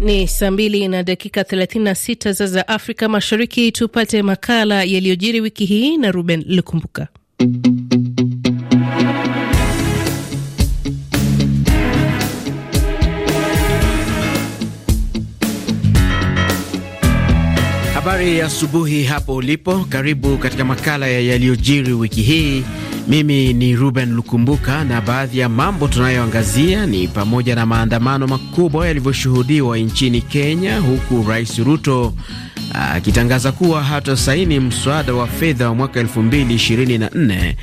Ni saa mbili na dakika 36 za za Afrika Mashariki. Tupate makala yaliyojiri wiki hii na Ruben Lukumbuka. Habari ya asubuhi hapo ulipo, karibu katika makala ya yaliyojiri wiki hii. Mimi ni Ruben Lukumbuka, na baadhi ya mambo tunayoangazia ni pamoja na maandamano makubwa yalivyoshuhudiwa nchini Kenya, huku Rais Ruto akitangaza kuwa hata saini mswada wa fedha wa mwaka 2024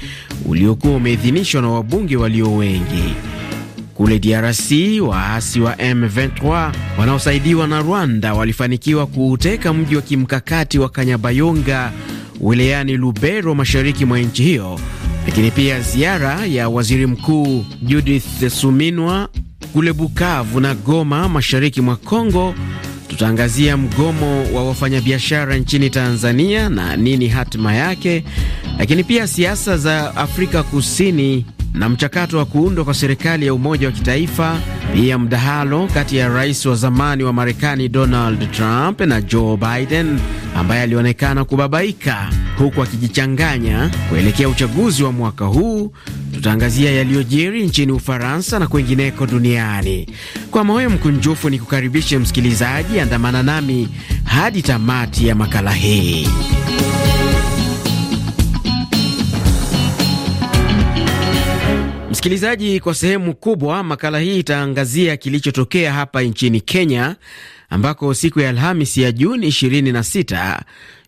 uliokuwa umeidhinishwa na wabunge walio wengi. Kule DRC waasi wa M23 wanaosaidiwa na Rwanda walifanikiwa kuuteka mji wa kimkakati wa Kanyabayonga wilayani Lubero mashariki mwa nchi hiyo. Lakini pia ziara ya waziri mkuu Judith Suminwa kule Bukavu na Goma mashariki mwa Kongo. Tutaangazia mgomo wa wafanyabiashara nchini Tanzania na nini hatima yake, lakini pia siasa za Afrika Kusini na mchakato wa kuundwa kwa serikali ya umoja wa kitaifa, pia mdahalo kati ya rais wa zamani wa Marekani Donald Trump na Joe Biden ambaye alionekana kubabaika huku akijichanganya kuelekea uchaguzi wa mwaka huu. Tutaangazia yaliyojiri nchini Ufaransa na kwengineko duniani. Kwa moyo mkunjufu ni kukaribishe msikilizaji, andamana nami hadi tamati ya makala hii. Msikilizaji, kwa sehemu kubwa makala hii itaangazia kilichotokea hapa nchini Kenya ambako siku ya Alhamisi ya Juni 26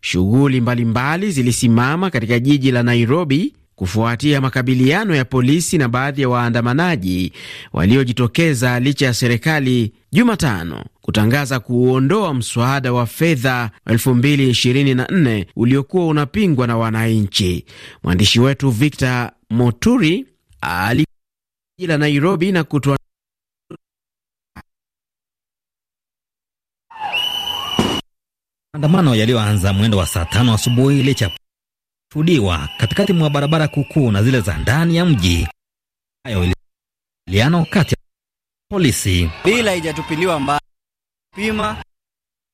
shughuli mbalimbali zilisimama katika jiji la Nairobi kufuatia makabiliano ya polisi na baadhi ya waandamanaji waliojitokeza licha ya serikali Jumatano kutangaza kuuondoa mswada wa fedha 2024 uliokuwa unapingwa na wananchi. Mwandishi wetu Victor Moturi alikuja la Nairobi na kutoa maandamano yaliyoanza mwendo wa saa tano asubuhi licha katikati mwa barabara kuu na zile za ndani ya mji. Hayo liano kati ya polisi bila haijatupiliwa mbali pima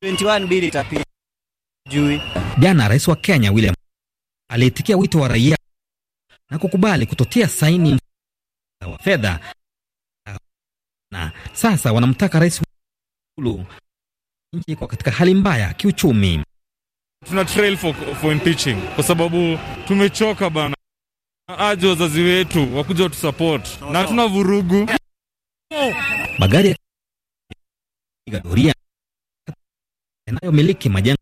21 bili tapi juu. Jana rais wa Kenya William aliitikia wito wa raia na kukubali kutotia saini wa fedha, na sasa wanamtaka rais Uhuru nchi iko katika hali mbaya kiuchumi. Tuna trail for, for impeaching kwa sababu tumechoka bana, aje wazazi wetu wakuja no, na tuna vurugu magari ya doria yanayomiliki majengo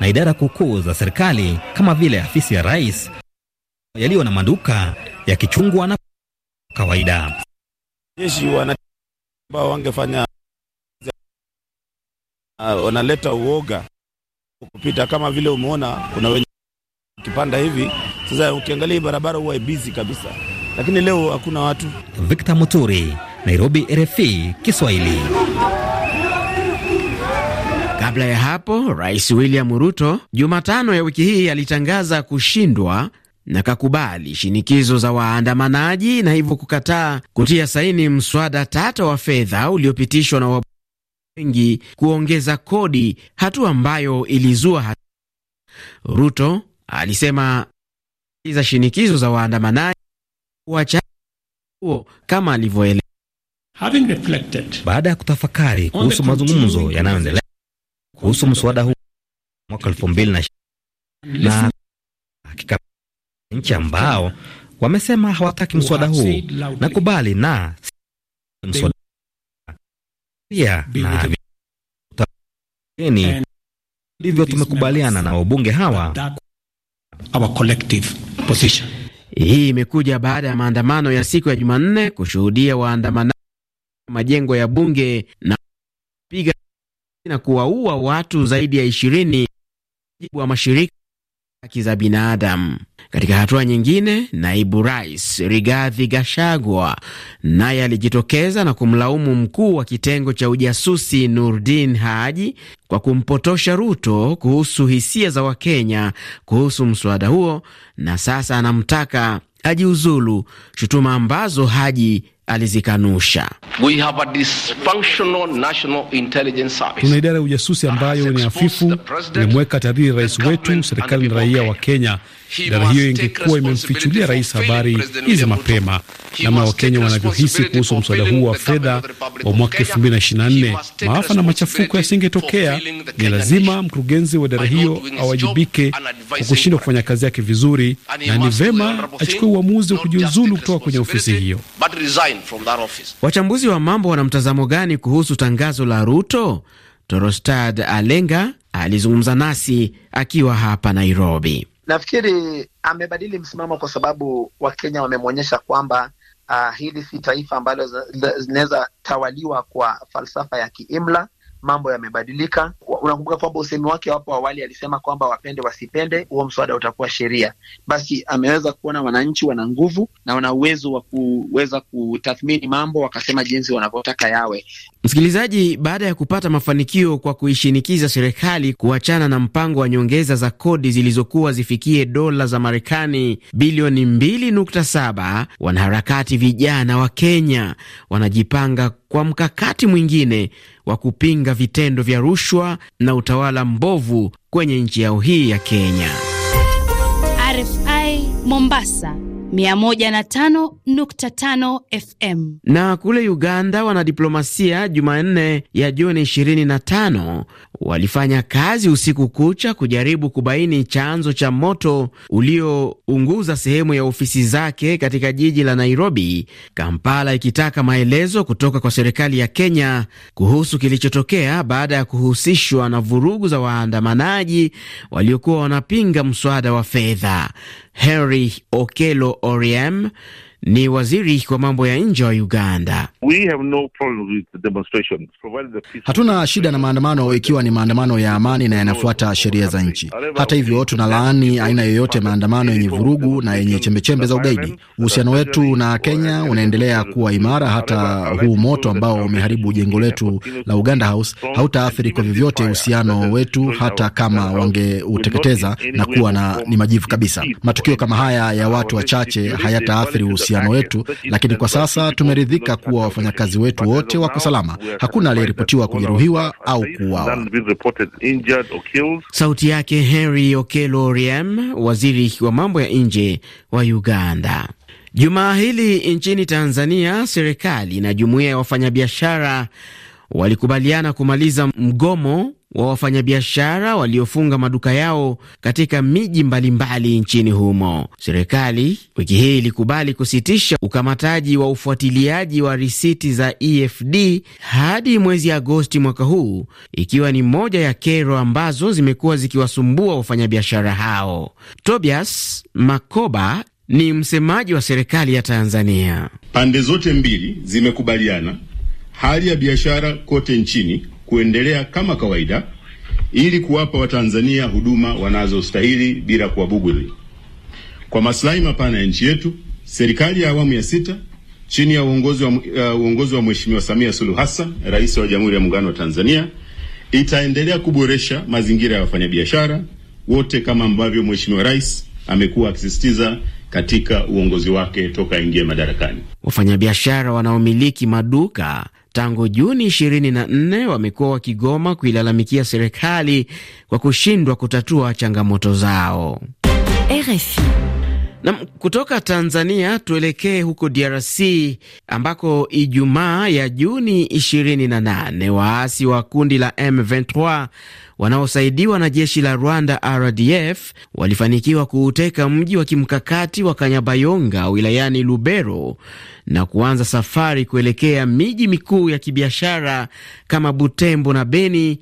na idara kukuu za serikali kama vile afisi ya rais yaliyo na maduka yakichungwa na kawaida. Jeshi wanaba wangefanya wanaleta uoga kupita, kama vile umeona kuna wenye kipanda hivi sasa, ukiangalia barabara huwa busy kabisa, lakini leo hakuna watu. Victor Muturi, Nairobi, RFI Kiswahili. Kabla ya hapo, Rais William Ruto Jumatano ya wiki hii alitangaza kushindwa na kakubali shinikizo za waandamanaji na hivyo kukataa kutia saini mswada tata wa fedha uliopitishwa na wengi kuongeza kodi, hatua ambayo ilizua hatu. Ruto alisema za shinikizo za waandamanaji wacha huo kama alivyoeleza. Baada ya kutafakari kuhusu mazungumzo yanayoendelea kuhusu mswada huu mwaka elfu mbili na nchi ambao wamesema hawataki mswada huu. Nakubali na mswada pia na ndivyo tumekubaliana na wabunge hawa. Our collective position. Hii imekuja baada ya maandamano ya siku ya Jumanne kushuhudia waandamanaji majengo ya bunge na piga na kuwaua watu zaidi ya ishirini jibu wa mashirika haki za binadamu. Katika hatua nyingine, naibu rais Rigathi gashagwa naye alijitokeza na kumlaumu mkuu wa kitengo cha ujasusi Nurdin Haji kwa kumpotosha Ruto kuhusu hisia za Wakenya kuhusu mswada huo, na sasa anamtaka ajiuzulu, shutuma ambazo Haji alizikanusha. Tuna idara ya ujasusi ambayo ni hafifu, imemweka tahadhiri rais wetu, serikali na raia wa Kenya. Idara hiyo ingekuwa imemfichulia rais habari hizi mapema, namna Wakenya wanavyohisi kuhusu mswada huo wa fedha wa mwaka nne, maafa na machafuko yasingetokea. Ni lazima mkurugenzi wa idara hiyo awajibike kwa kushindwa kufanya kazi yake vizuri, na ni vema achukue uamuzi wa kujiuzulu kutoka kwenye ofisi hiyo. Wachambuzi wa mambo wana mtazamo gani kuhusu tangazo la Ruto? Torostad Alenga alizungumza nasi akiwa hapa Nairobi. Nafikiri amebadili msimamo kwa sababu Wakenya wamemwonyesha kwamba uh, hili si taifa ambalo zinaweza tawaliwa kwa falsafa ya kiimla. Mambo yamebadilika. Unakumbuka kwamba usemi wake wapo awali alisema kwamba wapende wasipende, huo mswada utakuwa sheria. Basi ameweza kuona wananchi wana nguvu na wana uwezo wa kuweza kutathmini mambo, wakasema jinsi wanavyotaka yawe. Msikilizaji, baada ya kupata mafanikio kwa kuishinikiza serikali kuachana na mpango wa nyongeza za kodi zilizokuwa zifikie dola za Marekani bilioni 2.7, wanaharakati vijana wa Kenya wanajipanga kwa mkakati mwingine wa kupinga vitendo vya rushwa na utawala mbovu kwenye nchi yao hii ya Kenya. RFI Mombasa 105.5 FM. Na kule Uganda wanadiplomasia Jumanne ya Juni 25 walifanya kazi usiku kucha kujaribu kubaini chanzo cha moto uliounguza sehemu ya ofisi zake katika jiji la Nairobi, Kampala ikitaka maelezo kutoka kwa serikali ya Kenya kuhusu kilichotokea baada ya kuhusishwa na vurugu za waandamanaji waliokuwa wanapinga mswada wa fedha. Henry Okelo Oriem ni waziri wa mambo ya nje wa Uganda. We have no problem with the Hatuna shida na maandamano ikiwa ni maandamano ya amani na yanafuata sheria za nchi. Hata hivyo, tuna laani aina yoyote maandamano yenye vurugu na yenye chembechembe za ugaidi. Uhusiano wetu na Kenya unaendelea kuwa imara. Hata huu moto ambao umeharibu jengo letu la Uganda House hautaathiri kwa vyovyote uhusiano wetu, hata kama wangeuteketeza na kuwa na ni majivu kabisa. Matukio kama haya ya watu wachache hayataathiri uhusiano uhusiano wetu, lakini kwa sasa tumeridhika kuwa wafanyakazi wetu wote wako salama. Hakuna aliyeripotiwa kujeruhiwa au kuuawa. Sauti yake Henry Okello Oryem, waziri wa mambo ya nje wa Uganda. Jumaa hili nchini Tanzania, serikali na jumuiya ya wafanyabiashara walikubaliana kumaliza mgomo wa wafanyabiashara waliofunga maduka yao katika miji mbalimbali nchini humo. Serikali wiki hii ilikubali kusitisha ukamataji wa ufuatiliaji wa risiti za EFD hadi mwezi Agosti mwaka huu, ikiwa ni moja ya kero ambazo zimekuwa zikiwasumbua wafanyabiashara hao. Tobias Makoba ni msemaji wa serikali ya Tanzania. Pande zote mbili zimekubaliana hali ya biashara kote nchini kuendelea kama kawaida ili kuwapa Watanzania huduma wanazostahili bila kuwabughudhi. Kwa maslahi mapana ya nchi yetu, serikali ya awamu ya sita chini ya uongozi wa, uh, uongozi wa Mheshimiwa Samia Suluhu Hassan, Rais wa Jamhuri ya Muungano wa Tanzania, itaendelea kuboresha mazingira ya wafanyabiashara wote kama ambavyo Mheshimiwa Rais amekuwa akisisitiza katika uongozi wake toka ingie madarakani. Wafanyabiashara wanaomiliki maduka tangu Juni 24 wamekuwa wakigoma kuilalamikia serikali kwa kushindwa kutatua changamoto zao. RFI. Na kutoka Tanzania tuelekee huko DRC ambako Ijumaa ya Juni 28 waasi wa kundi la M23 wanaosaidiwa na jeshi la Rwanda RDF walifanikiwa kuuteka mji wa kimkakati wa Kanyabayonga wilayani Lubero na kuanza safari kuelekea miji mikuu ya kibiashara kama Butembo na Beni,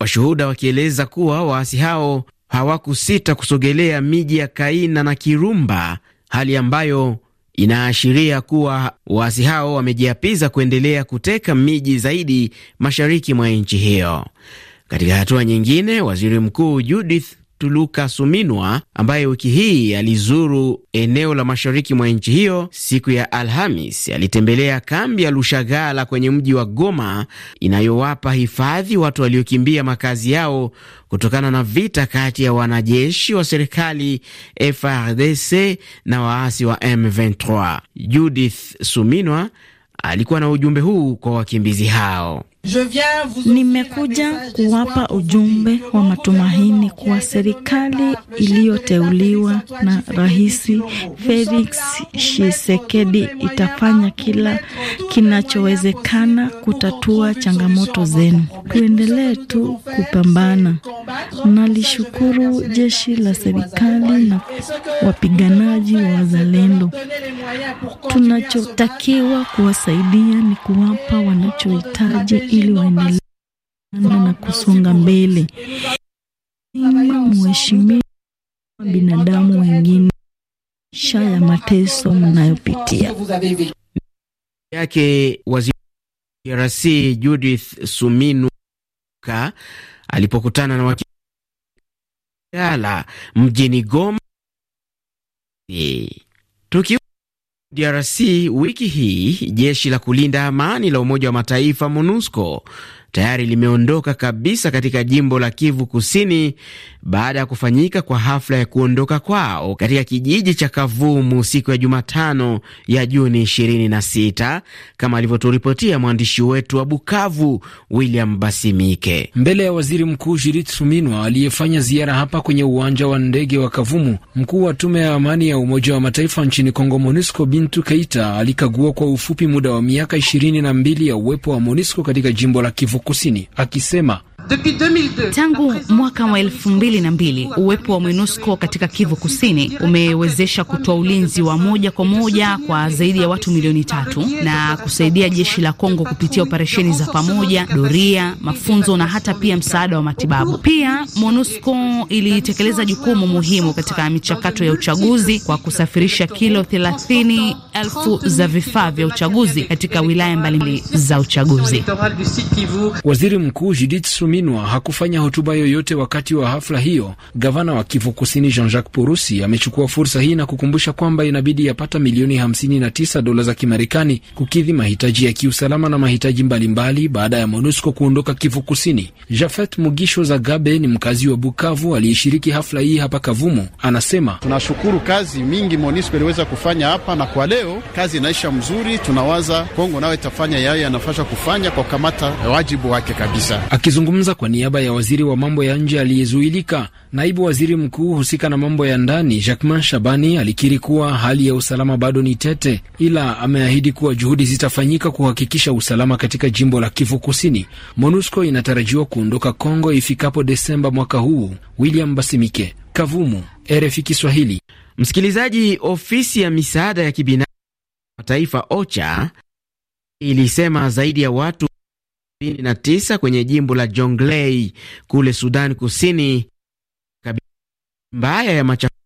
washuhuda wakieleza kuwa waasi hao hawakusita kusogelea miji ya Kaina na Kirumba, hali ambayo inaashiria kuwa waasi hao wamejiapiza kuendelea kuteka miji zaidi mashariki mwa nchi hiyo. Katika hatua nyingine, waziri mkuu Judith Tuluka Suminwa ambaye wiki hii alizuru eneo la mashariki mwa nchi hiyo siku ya Alhamis, alitembelea kambi ya Lushagala kwenye mji wa Goma inayowapa hifadhi watu waliokimbia makazi yao kutokana na vita kati ya wanajeshi wa serikali frdc na waasi wa M23. Judith Suminwa alikuwa na ujumbe huu kwa wakimbizi hao. Nimekuja kuwapa ujumbe wa matumaini kwa serikali iliyoteuliwa na Rais Felix Tshisekedi itafanya kila kinachowezekana kutatua changamoto zenu. Tuendelee tu kupambana. Nalishukuru jeshi la serikali na wapiganaji wa wazalendo. Tunachotakiwa kuwasaidia ni kuwapa wanachohitaji ili waendelee na kusonga mbele. Mheshimiwa, binadamu wengine sha ya mateso mnayopitia yake. Waziri DRC Judith suminuka alipokutana na wakala mjini Goma. Tuki DRC wiki hii jeshi la kulinda amani la Umoja wa Mataifa MONUSCO tayari limeondoka kabisa katika jimbo la Kivu Kusini baada ya kufanyika kwa hafla ya kuondoka kwao katika kijiji cha Kavumu siku ya Jumatano ya Juni 26 kama alivyoturipotia mwandishi wetu wa Bukavu William Basimike. Mbele ya waziri mkuu jirit Suminwa aliyefanya ziara hapa kwenye uwanja wa ndege wa Kavumu, mkuu wa tume ya amani ya Umoja wa Mataifa nchini Kongo MONUSCO Bintu Keita alikagua kwa ufupi muda wa miaka 22 ya uwepo wa MONUSCO katika jimbo la Kivu Kivu Kusini, akisema Tangu mwaka wa elfu mbili na mbili uwepo wa MONUSCO katika Kivu Kusini umewezesha kutoa ulinzi wa moja kwa moja kwa zaidi ya watu milioni tatu na kusaidia jeshi la Kongo kupitia operesheni za pamoja, doria, mafunzo na hata pia msaada wa matibabu. Pia MONUSCO ilitekeleza jukumu muhimu katika michakato ya uchaguzi kwa kusafirisha kilo thelathini elfu za vifaa vya uchaguzi katika wilaya mbalimbali za uchaguzi. Waziri Mkuu Judith Sumi Minwa hakufanya hotuba yoyote wakati wa hafla hiyo, gavana wa Kivu Kusini Jean Jacques Purusi amechukua fursa hii na kukumbusha kwamba inabidi yapata milioni 59 dola za Kimarekani kukidhi mahitaji ya kiusalama na mahitaji mbalimbali mbali, baada ya MONUSCO kuondoka Kivu Kusini. Jafet Mugisho Zagabe ni mkazi wa Bukavu aliyeshiriki hafla hii hapa Kavumu, anasema tunashukuru kazi mingi MONUSCO iliweza kufanya hapa, na kwa leo kazi inaisha mzuri. Tunawaza Kongo nayo itafanya yayo yanafasha kufanya kwa kukamata wajibu wake kabisa. Akizungumza Akizungumza kwa niaba ya waziri wa mambo ya nje aliyezuilika, naibu waziri mkuu husika na mambo ya ndani Jacquemain Shabani alikiri kuwa hali ya usalama bado ni tete, ila ameahidi kuwa juhudi zitafanyika kuhakikisha usalama katika jimbo la Kivu Kusini. MONUSCO inatarajiwa kuondoka Kongo ifikapo Desemba mwaka huu. William Basimike, Kavumu, RFI Kiswahili. Msikilizaji, ofisi ya misaada ya kibinadamu taifa OCHA ilisema zaidi ya watu 29 kwenye jimbo la Jonglei kule Sudan Kusini mbaya ya machafuko,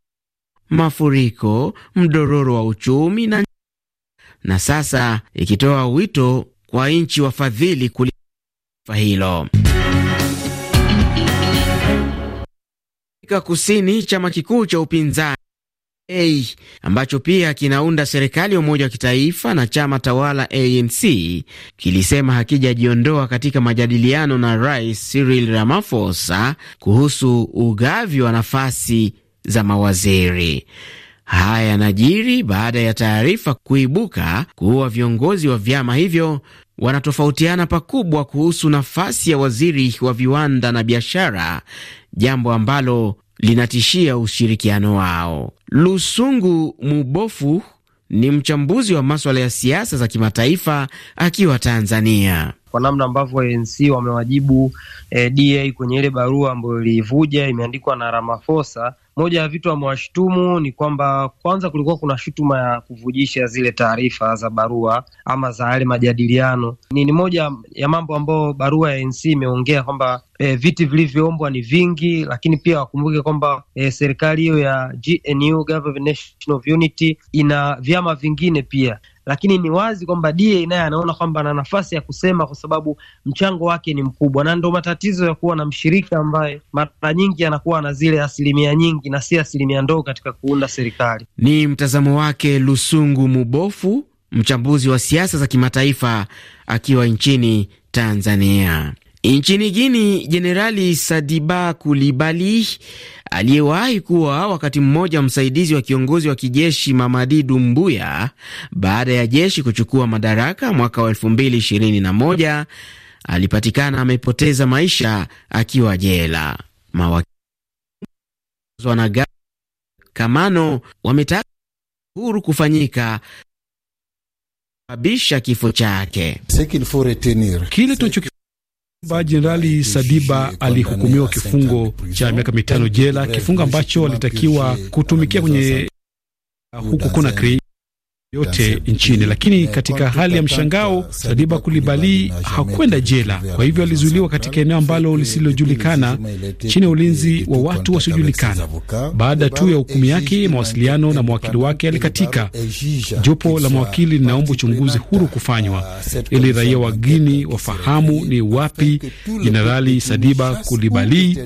mafuriko, mdororo wa uchumi na na sasa ikitoa wito kwa nchi wafadhili kulifa hilo. Afrika Kusini chama kikuu cha upinzani A, ambacho pia kinaunda serikali ya umoja wa kitaifa na chama tawala ANC kilisema hakijajiondoa katika majadiliano na Rais Cyril Ramaphosa kuhusu ugavi wa nafasi za mawaziri. Haya yanajiri baada ya taarifa kuibuka kuwa viongozi wa vyama hivyo wanatofautiana pakubwa kuhusu nafasi ya waziri wa viwanda na biashara, jambo ambalo linatishia ushirikiano wao. Lusungu Mubofu ni mchambuzi wa maswala ya siasa za kimataifa akiwa Tanzania. Kwa namna ambavyo ANC wamewajibu eh, DA kwenye ile barua ambayo ilivuja imeandikwa na Ramaphosa moja ya vitu amewashutumu ni kwamba kwanza kulikuwa kuna shutuma ya kuvujisha zile taarifa za barua ama za yale majadiliano. Ni, ni moja ya mambo ambayo barua ya NC imeongea kwamba e, viti vilivyoombwa ni vingi, lakini pia wakumbuke kwamba e, serikali hiyo ya GNU Government National Unity ina vyama vingine pia lakini ni wazi kwamba DA naye anaona kwamba ana nafasi ya kusema kwa sababu mchango wake ni mkubwa, na ndo matatizo ya kuwa na mshirika ambaye mara nyingi anakuwa na zile asilimia nyingi na si asilimia ndogo katika kuunda serikali. Ni mtazamo wake Lusungu Mubofu, mchambuzi wa siasa za kimataifa akiwa nchini Tanzania. Nchini Guini, Jenerali Sadiba Kulibali aliyewahi kuwa wakati mmoja msaidizi wa kiongozi wa kijeshi Mamadi Dumbuya baada ya jeshi kuchukua madaraka mwaka wa 2021 alipatikana amepoteza maisha akiwa jela. Mawakili kamano wametaka huru kufanyika sababisha kifo chake. Kile tunacho ba Jenerali Sadiba alihukumiwa kifungo cha miaka mitano jela, kifungo ambacho alitakiwa kutumikia kwenye huko Conakry yote yaani, nchini. Eh, lakini eh, katika hali ya mshangao, Sadiba Kulibali hakwenda jela, kwa hivyo alizuiliwa katika eneo ambalo lisilojulikana chini ya ulinzi wa watu wasiojulikana. Baada tu ya hukumu eh, yake, mawasiliano na mawakili wake yalikatika. Jopo la mawakili linaomba uchunguzi huru kufanywa ili raia wa Guini wafahamu ni wapi Jenerali Sadiba Kulibali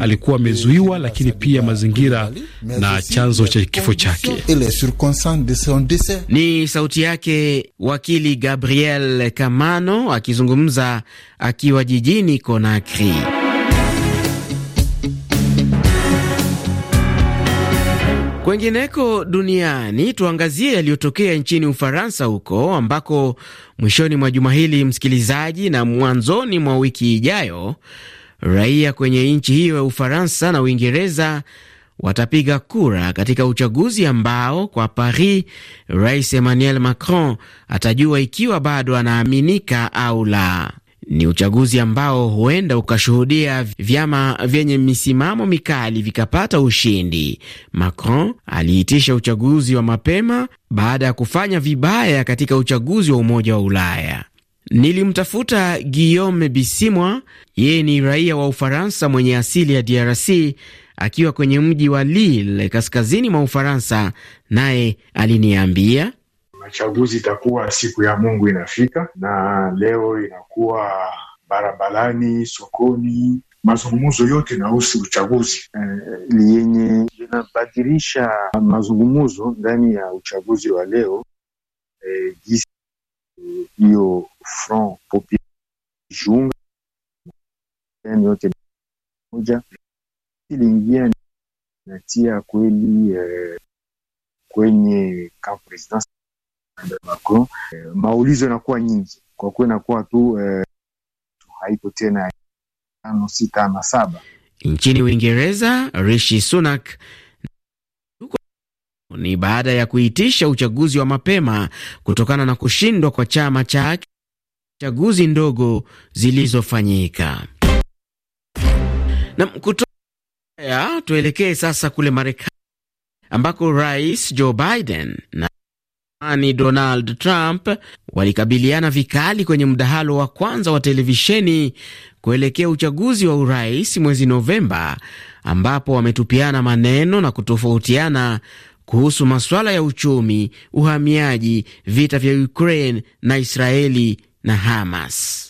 alikuwa amezuiwa, lakini pia mazingira na chanzo cha kifo chake. Ni sauti yake wakili Gabriel Kamano akizungumza akiwa jijini conakri Kwengineko duniani tuangazie yaliyotokea nchini Ufaransa, huko ambako mwishoni mwa juma hili, msikilizaji, na mwanzoni mwa wiki ijayo, raia kwenye nchi hiyo ya Ufaransa na Uingereza watapiga kura katika uchaguzi ambao kwa Paris, Rais Emmanuel Macron atajua ikiwa bado anaaminika au la. Ni uchaguzi ambao huenda ukashuhudia vyama vyenye misimamo mikali vikapata ushindi. Macron aliitisha uchaguzi wa mapema baada ya kufanya vibaya katika uchaguzi wa Umoja wa Ulaya. Nilimtafuta Guillaume Bisimwa, yeye ni raia wa Ufaransa mwenye asili ya DRC akiwa kwenye mji wa Lille kaskazini mwa Ufaransa, naye aliniambia machaguzi itakuwa siku ya Mungu inafika, na leo inakuwa barabarani, sokoni mazungumzo yote inahusu uchaguzi eh, yenye inabadilisha mazungumzo ndani ya uchaguzi wa leo eh, jisi hiyo Front jiunga yote moja iliingia natia kweli eh, kwenye camp Macron, eh, maulizo yanakuwa nyingi kwa kuwa inakuwa tu eh, haiko tena tano sita na saba. Nchini Uingereza, Rishi Sunak ni baada ya kuitisha uchaguzi wa mapema kutokana na kushindwa kwa chama chake chaguzi ndogo zilizofanyika na ya, tuelekee sasa kule Marekani ambako Rais Joe Biden na ani Donald Trump walikabiliana vikali kwenye mdahalo wa kwanza wa televisheni kuelekea uchaguzi wa urais mwezi Novemba, ambapo wametupiana maneno na kutofautiana kuhusu masuala ya uchumi, uhamiaji, vita vya Ukraine na Israeli na Hamas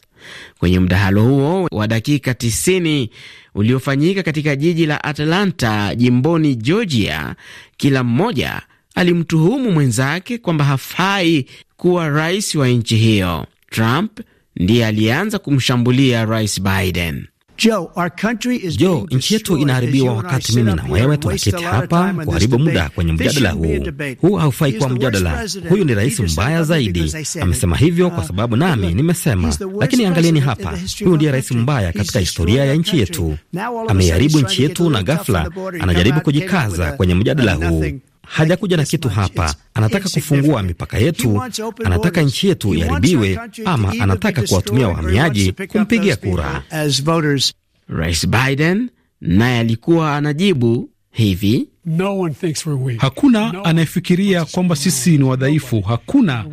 kwenye mdahalo huo wa dakika 90 uliofanyika katika jiji la Atlanta jimboni Georgia, kila mmoja alimtuhumu mwenzake kwamba hafai kuwa rais wa nchi hiyo. Trump ndiye alianza kumshambulia Rais Biden. Jo, nchi yetu inaharibiwa wakati mimi na wewe tunaketi hapa kuharibu muda kwenye uh, mjadala huu. Huu haufai kuwa mjadala. Huyu ni rais mbaya zaidi. Amesema hivyo kwa sababu nami nimesema, lakini angalieni hapa, huyu ndiye rais mbaya katika historia ya nchi yetu. Ameiharibu nchi yetu, na ghafla anajaribu kujikaza kwenye mjadala huu hajakuja na kitu hapa, anataka kufungua mipaka yetu, anataka nchi yetu iharibiwe, ama anataka kuwatumia wahamiaji kumpigia kura. Rais Biden naye alikuwa anajibu hivi no, hakuna anayefikiria kwamba sisi ni wadhaifu. Hakuna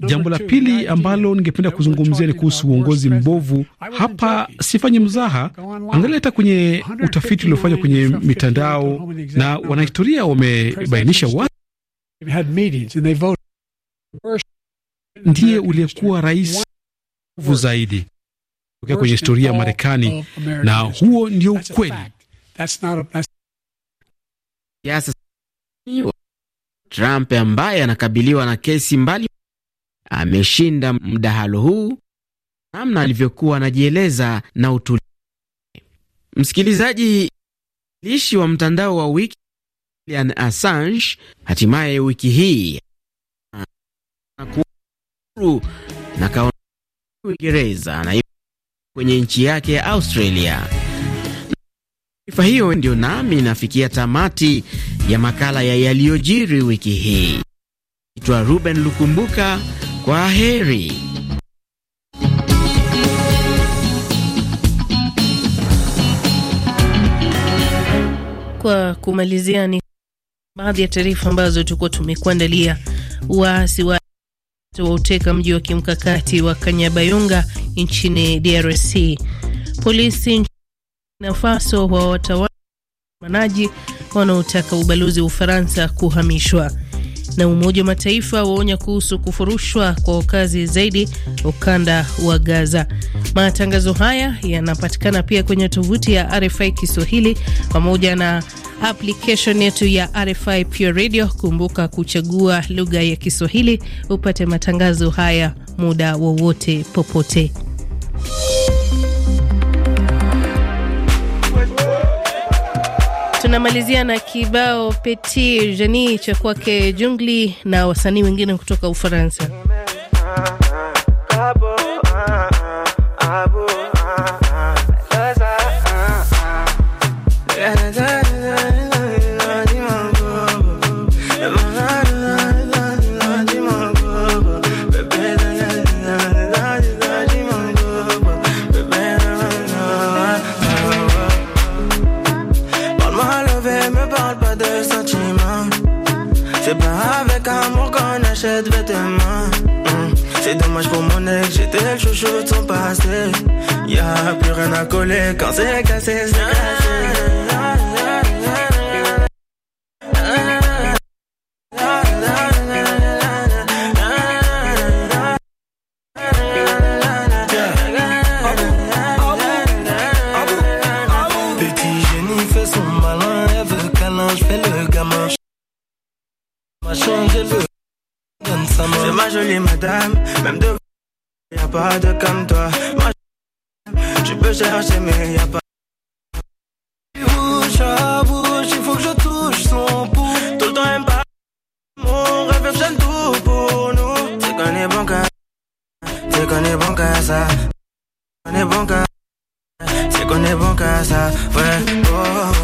Jambo la pili ambalo ningependa kuzungumzia ni kuhusu uongozi mbovu. Hapa sifanyi mzaha, angalia hata kwenye utafiti uliofanywa kwenye mitandao na wanahistoria wamebainisha wa ndiye uliyekuwa rais mbovu zaidi tokea kwenye historia ya Marekani, na huo ndio ukweli. Trump ambaye anakabiliwa na kesi mbali ameshinda mdahalo huu namna alivyokuwa anajieleza na utulivu. Msikilizaji, lishi wa mtandao wa wiki Julian Assange hatimaye wiki hii huru na kaona Uingereza na kwenye nchi yake ya Australia. Taarifa hiyo ndio nami nafikia tamati ya makala ya yaliyojiri wiki hii. Itwa Ruben Lukumbuka. Kwa heri. Kwa kumalizia, ni baadhi ya taarifa ambazo tulikuwa tumekuandalia. Waasi wa wauteka mji wa kimkakati wa Kanyabayonga nchini DRC. Polisi nchini Faso wa watawala waandamanaji wanaotaka ubalozi wa Ufaransa kuhamishwa. Na Umoja wa Mataifa waonya kuhusu kufurushwa kwa wakazi zaidi ukanda wa Gaza. Matangazo haya yanapatikana pia kwenye tovuti ya RFI Kiswahili pamoja na application yetu ya RFI Pure Radio. Kumbuka kuchagua lugha ya Kiswahili upate matangazo haya muda wowote popote. Tunamalizia na kibao Petit Jeni cha kwake Jungli na wasanii wengine kutoka Ufaransa. dommage pour mon ex, j'étais le chouchou de son passé. Y'a plus rien à coller quand c'est cassé, c'est cassé. même de y'a pas de comme toi. Moi, je peux chercher, mais y'a pas. Bouche à bouche, il faut que je touche son pouce. Tout le temps, aime pas mon rêve, j'aime tout pour nous. C'est qu'on est bon cas, c'est qu'on est bon qu'à ça. qu'on est bon cas, c'est qu'on est bon qu'à ça, ouais, oh. oh.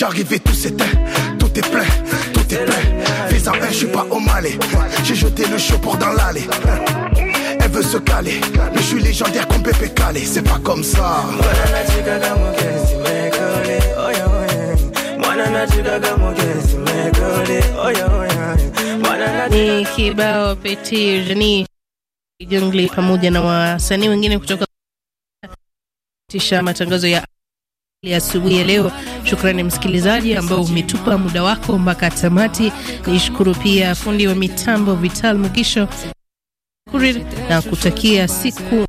J'arrivais, tout s'éteint, tout est plein, tout est plein. Fais à hein, je suis pas au malais. J'ai jeté le show pour dans l'allée. Elle veut se caler, mais je suis légendaire comme Pépé Calé. C'est pas comme ça. Ni kibao Petit jeni jungli pamoja na wasanii wengine kutoka tisha matangazo ya Asubuhi ya leo. Shukrani msikilizaji ambao umetupa muda wako mpaka tamati. Nishukuru pia fundi wa mitambo Vital Mugisho na kutakia siku